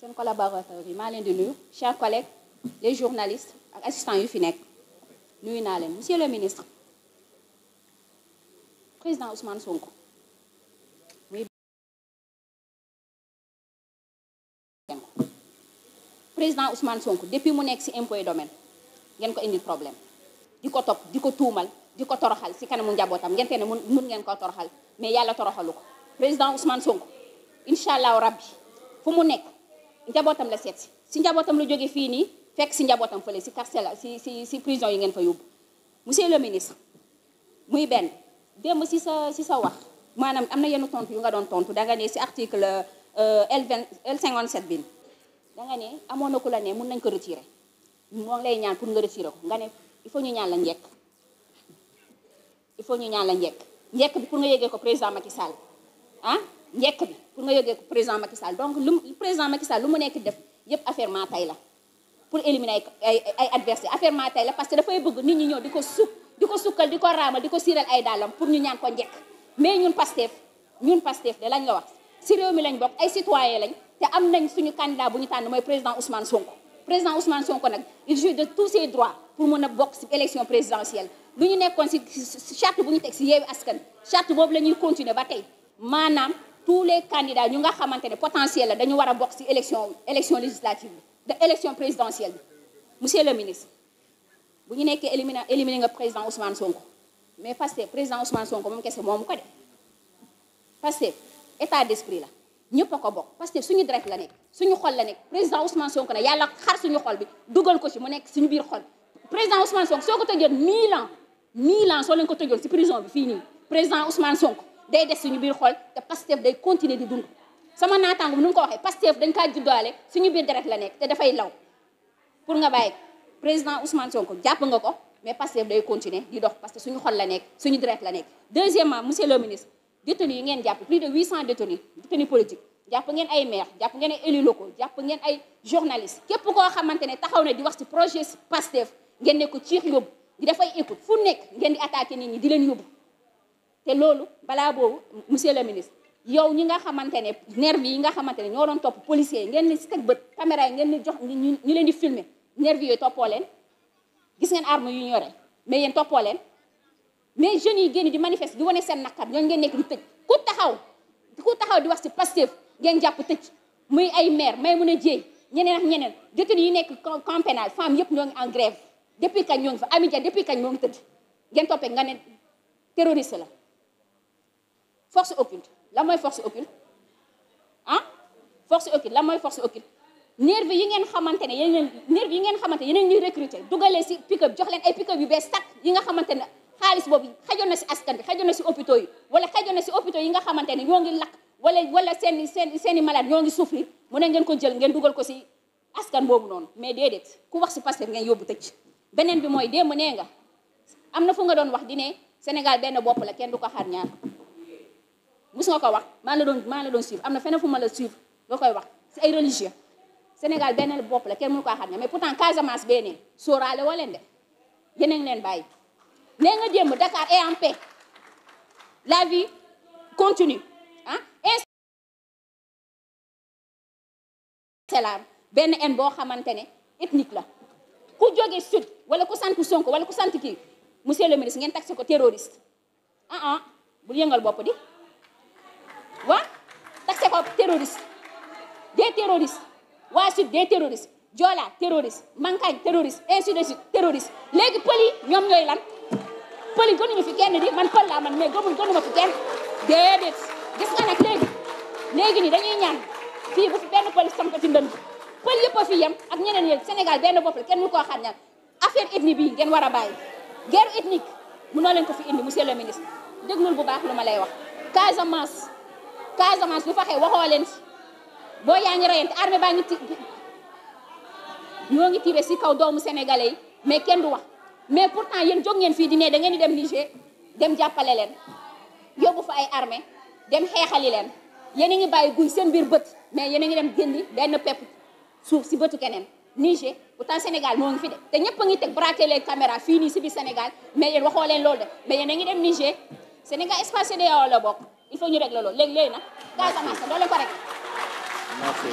seen collaborateur yi maa leen di nuyu chers collègues les journalistes ak assistants yu fi nekk nuyu naa leen monsieur le ministre président Ousmane Sonko muy président Ousmane Sonko depuis mu nekk ci impôt et domaine ngeen ko indi problème di ko topp di ko tuumal di ko toroxal ci kanamu njabootam ngeen ne mun mun ngeen ko toroxal mais yàlla toroxalu ko président Ousmane Sonko incha rabbi fu mu nekk njabootam la seet si si njabootam la jóge fii nii fekk si njabootam fële si carcel si si si prison yi ngeen fa yóbbu monsieur le ministre muy benn démb si sa si sa wax maanaam am na yenn tontu yu nga doon tontu danga ne si article euh, L vingt L cinquante sept bi danga ne amoon na ku la ne mun nañ ko retire moo lay ñaan pour nga retirer ko nga ne il faut ñu ñaan la njekk il faut ñu ñaan la njekk njekk bi pour nga yégee ko président Macky Sall ah njekk bi pour nga yógee ko président Macky Sall donc lu président Macky Sall lu mu nekk def yépp affaire maa tay la pour éliminer ay adversaire affaire maa la parce que dafay bëgg nit ñi ñëw di ko suk di ko sukkal di ko raamal di ko siiral ay daalam pour ñu ñaan ko njëkk mais ñun Pastef ñun Pastef de lañ la wax si réew mi lañ bokk ay citoyen lañ te am nañ suñu candidat bu ñu tànn mooy président Ousmane Sonko président Ousmane Sonko nag il jouit de tous ses pour mën bokk si élection présidentielle lu ñu nekkoon si charte bu ñu teg si yeewi askan charte boobu la ñuy continuer ba tey maanaam tous les candidats ñu nga xamante ne potentiel la dañu war a bokk ci élection élection législative bi de élection présidentielle bi monsieur le ministre bu ñu nekkee éliminé éliminé nga président Ousmane Sonko mais Pastef président Ousmane Sonko moom kese moomu ko de Pastef état d'esprit la ñëpp a ko bokk Pastef suñu direct la nekk suñu xol la nekk président Ousmane Sonko ne yàlla xar suñu xol bi dugal ko si mu nekk suñu biir xol président Ousmane Sonko soo ko tëjoon mille ans bi fii nii président Ousmane Sonko. day des suñu biir xol te Pastef day continuer di dund sama naataango bi nu mu ko waxee Pastef dañ kaa juddaale suñu biir deret la nekk te dafay law pour nga bàyyi président Ousmane Sonko jàpp nga ko mais Pastef day continuer di dox parce que suñu xol la nekk suñu deret la nekk deuxièmement monsieur le ministre détenus yi ngeen jàpp plus de 800 détenus détenus politiques jàpp ngeen ay maire jàpp ngeen ay élus locaux jàpp ngeen ay journalistes képp koo xamante ne taxaw na di wax ci projet Pastef ngeen ne ko ciix yóbbu di dafay écoute nekk ngeen di attaqué nit ñi di te loolu balaa boobu monsieur le ministre yow ñi nga xamante ne nervi yi nga xamante ne ñoo doon topp policier ngeen ni si teg bët caméra yi ngeen ni jox ñu leen di filmer nervi yooyu toppoo leen gis ngeen arme yu ñu mais yéen toppoo leen mais jeunes yi génn di manifeste di wane seen naqar ñooñu ngeen nekk di tëj ku taxaw ku taxaw di wax si Pastef ngeen jàpp tëj muy ay maire may mun a jéey ñeneen ak ñeneen détenus yi nekk camp pénal femme yëpp ñoo ngi en ñoo ngi fa Amidia depuis kañ moo ngi tëdd ngeen la force occulte la mooy force occulte ah force occulte la mooy force occulte nervi yi ngeen xamante ne yeneen nervi yi ngeen xamante yeneen ñuy recruter dugalee si pick-up jox leen ay pick-up yu bees sàkk yi nga xamante ne xaalis boobu xajoon na si askan bi xajoon na si hôpitaux yi wala xajoon na si hôpitaux yi nga xamante ne ñoo ngi lakk wala wala seen seen seen i malade ñoo ngi souffrir mu ne ngeen ko jël ngeen dugal ko si askan boobu noonu mais déedéet ku wax si Pastef ngeen yóbbu tëj beneen bi mooy démb nee nga am na fu nga doon wax di ne Sénégal benn bopp la kenn du ko xaar ñaar mus nga ko wax maa la doon maa la doon suivre am na feneen fu ma la suivre nga koy wax si ay religieux Sénégal benn bopp la kenn mënu ko xam ne mais pourtant Casamance bee nee sóoraale woo leen de yeneen leen bàyyi. nee nga démb Dakar est en paix la vie continue ah. salaam benn en boo xamante ne ethnique la ku wala ku sant Sonko wala ku sant kii monsieur le ministre ngeen taxe ko terroriste ah ah yëngal bopp di. waa taxe ko terroriste des terroristes waa sud des terroristes joola terroriste mankaañ terroriste ainsi de suite terroriste léegi pël yi ñoom ñooy lan pël yi gënuñu fi kenn di man pël laa man mais gëmul gënuma fi kenn déedéet gis nga nag léegi léegi ni dañuy ñaan fii bu fi benn pël samp ci ndënd pël yëpp a fi yem ak ñeneen yéen Sénégal benn bopp kenn mu koo xaar ñaan affaire ethnique bi ngeen war a bàyyi guerre ethnique mënoo leen ko fi indi monsieur le ministre déglul bu baax lu ma lay wax Casamance Casamance lu fa xew waxoo leen si boo yaa ngi reyante armée baa ngi ti ñoo ngi tiré si kaw doomu sénégalais yi mais kenn du wax mais pourtant yéen jóg ngeen fii di ne da ngeen di dem dem jàppale leen yóbbu fa ay armée dem xeexali leen yéen a ngi bàyyi guy seen biir bët mais yéen a ngi dem génni benn pepp suuf si bëtu keneen Niger pourtant Sénégal moo ngi fi de te ñëpp a ngi teg braqué les caméras fii nii si biir Sénégal mais yéen waxoo leen loolu de mais yéen a ngi dem Niger Sénégal espace CEDEAO la bokk faut ñu régler loolu léegi léegi nag. ko régler. merci.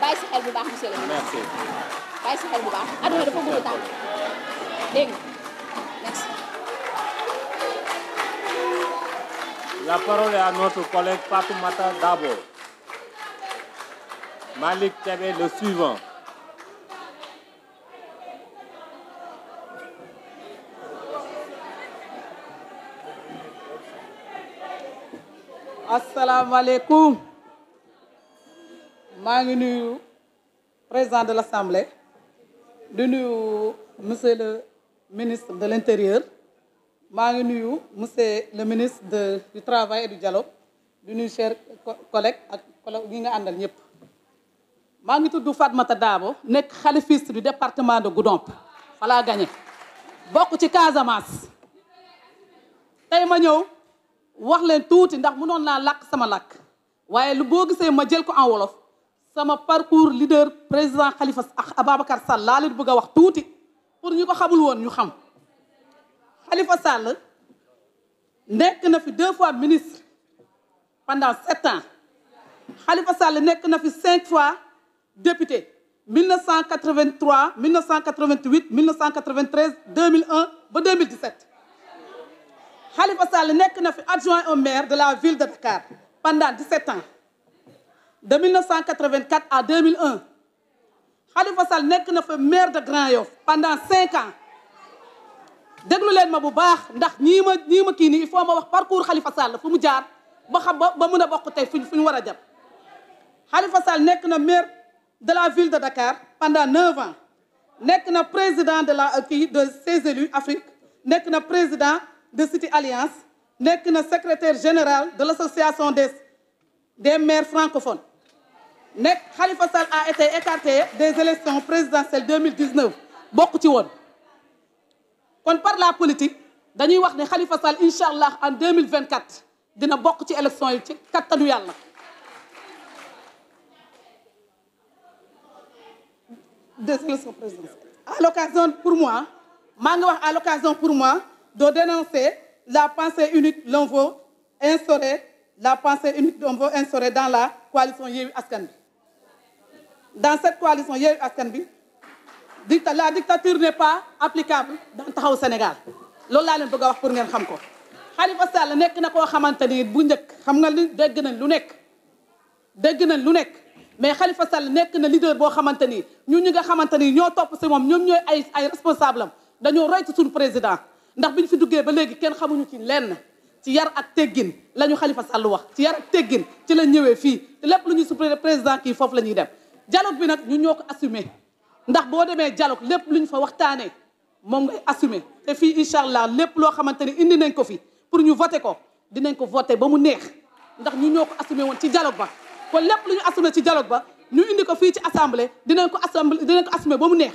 bàyyi bu baax monsieur le maire. merci. bu baax nga merci. La parole est à le suivant. asalaamaaleykum maa ngi nuyu président de l'assemblée di nuyu monsieur le ministre de l'intérieur maa ngi nuyu monsieur le ministre de du travail et du jalo di nuyu chers collègues ak collègues yi nga àndal ñëpp. maa ngi tudd Fatmata daabo nekk xalifiste du département de Goudomp falaa gañe bokk ci Casamance tey ma ñëw. wax leen tuuti ndax mënoon naa lakk sama làkk waaye lu boo gisee ma jël ko en wolof sama parcours leader président Khalifa Ababacar Sall laa leen bëgg wax tuuti pour ñu ko xamul woon ñu xam Khalifa Sall nekk na fi deux fois ministre pendant sept ans Khalifa Sall nekk na fi cinq fois député 1983 1988 1993 2001 ba 2017. Khalifa Sall nekk na fi adjoint au maire de la ville de Dakar pendant 17 ans de 1984 à 2001 Khalifa Sall nekk na fi maire de Grand Yoff pendant 5 ans déglu leen ma bu baax ndax ñii ma ma kii nii il faut ma wax parcours Khalifa Sall fu mu jaar ba xam ba ba mën a bokk tey fi fu ñu war a jëm Khalifa Sall nekk na maire de la ville de Dakar pendant 9 ans nekk na président de la euh, kii de ses élus Afrique nekk na président. de City Alliance nekk na secretaire général de l'association des des maires francophones nekk Khalifa Sall a été écarté des élections présidentielles 2019 bokk ci woon kon par la politique dañuy wax ne Khalifa Sall incha allah en 2024 dina bokk ci élection yi ci kattanu yàlla des élections présidentielles à l'occasion pour moi maa ngi wax à l'occasion pour moi de dénoncer la pensée unique l'on veut instaurer la pensée unique l'on veut instaurer dans la coalition Yewwi Askan Wi dans cette coalition Yewwi Askan Wi la dictature n'est pas applicable dans taxaw Sénégal loolu laa leen bëgg a wax pour ngeen xam ko Khalifa Sall nekk na koo xamante ni bu njëkk xam nga li dégg nañ lu nekk dégg nañ lu nekk mais Khalifa Sall nekk na leader boo xamante ni ñun ñi nga xamante ni ñoo topp si moom ñoom ñooy ay ay responsable am dañoo roy ci suñu ndax bi ñu fi duggee ba léegi kenn xamuñu ci lenn ci yar ak teggin la ñu Khalifa Sall wax ci yar ak teggin ci la ñëwee fii te lépp lu ñu supplé président kii foofu la ñuy dem dialogue bi nag ñu ñoo ko assumé ndax boo demee dialogue lépp lu ñu fa waxtaanee moom ngay assumé te fii incha allah lépp loo xamante ni indi nañ ko fi pour ñu voté ko dinañ ko voté ba mu neex ndax ñu ñoo ko assumé woon ci dialogue ba kon lépp lu ñu assumé ci dialogue ba ñu indi ko fii ci assemblée dinañ ko assemblée dinañ ko assumé ba mu neex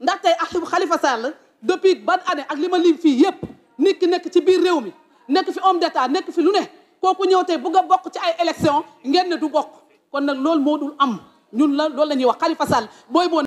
ndax tey Khalifa Sall depuis ban année ak li ma lim fii yépp nit ki nekk ci biir réew mi nekk fi homme d'état nekk fi lu ne kooku ñëw tey bëgg a bokk ci ay élection ngeen ne du bokk kon nag lool moo dul am ñun la loolu la ñuy wax Khalifa Sall booy